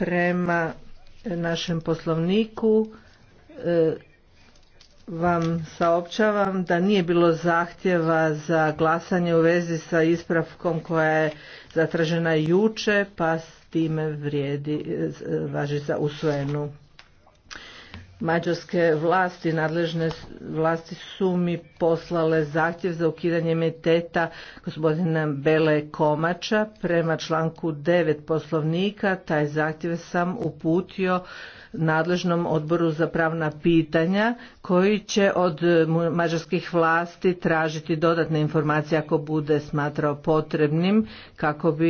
prema našem poslovniku e, vam saopćavam da nije bilo zahtjeva za glasanje u vezi sa ispravkom koja je zatražena juče pa s time vrijedi e, važi za usvojenu Mađarske vlasti, nadležne vlasti su mi poslale zahtjev za ukidanje meteta gospodina Bele Komača prema članku 9 poslovnika. Taj zahtjev sam uputio nadležnom odboru za pravna pitanja koji će od mađarskih vlasti tražiti dodatne informacije ako bude smatrao potrebnim kako bi